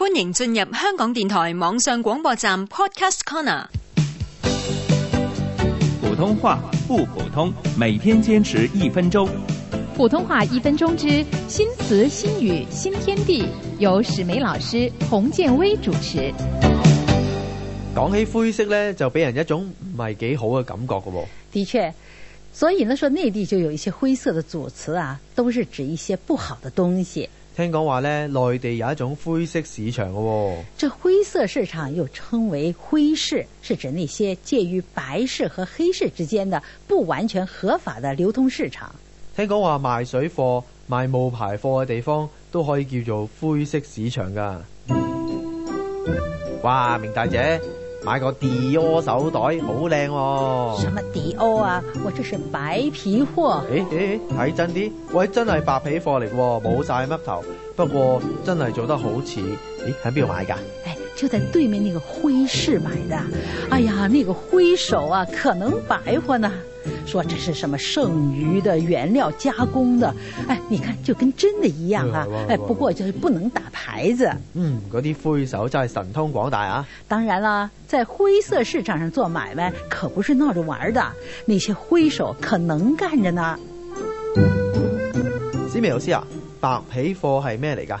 歡迎進入香港電台網上廣播站 Podcast Corner。普通話不普通，每天堅持一分鐘。普通話一分鐘之新詞新語新天地，由史梅老師、洪建威主持。講起灰色呢，就俾人一種唔係幾好嘅感覺㗎。的確，所以呢，說內地就有一些灰色的組詞啊，都是指一些不好的東西。聽講話呢，內地有一種灰色市場嘅。這灰色市場又稱為灰市，是指那些介於白市和黑市之間的不完全合法的流通市場。聽講話賣水貨、賣冒牌貨嘅地方都可以叫做灰色市場㗎。哇，明大姐。買個 Dior 手袋，好靚喎！什麼 Dior 啊？我這是白皮貨。誒、欸、誒，睇、欸、真啲，喂，真係白皮貨嚟，冇晒乜頭。不過真係做得好似，咦、欸，喺邊度買㗎？欸就在對面那個灰市買的，哎呀，那個灰手啊，可能白活呢。說這是什麼剩餘的原料加工的，哎，你看就跟真的一樣啊。哎，不過就是不能打牌子。嗯，嗰啲灰手真係神通廣大啊。當然啦，在灰色市場上做買賣可不是鬧着玩的，那些灰手可能幹着呢。史密老師啊，白皮貨係咩嚟噶？